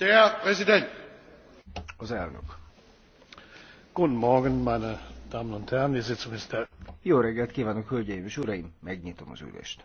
Der Präsident. Guten Morgen, meine Damen und Herren, Jó reggelt kvánok hölgyeim és uraim! Megnyitom az ülést.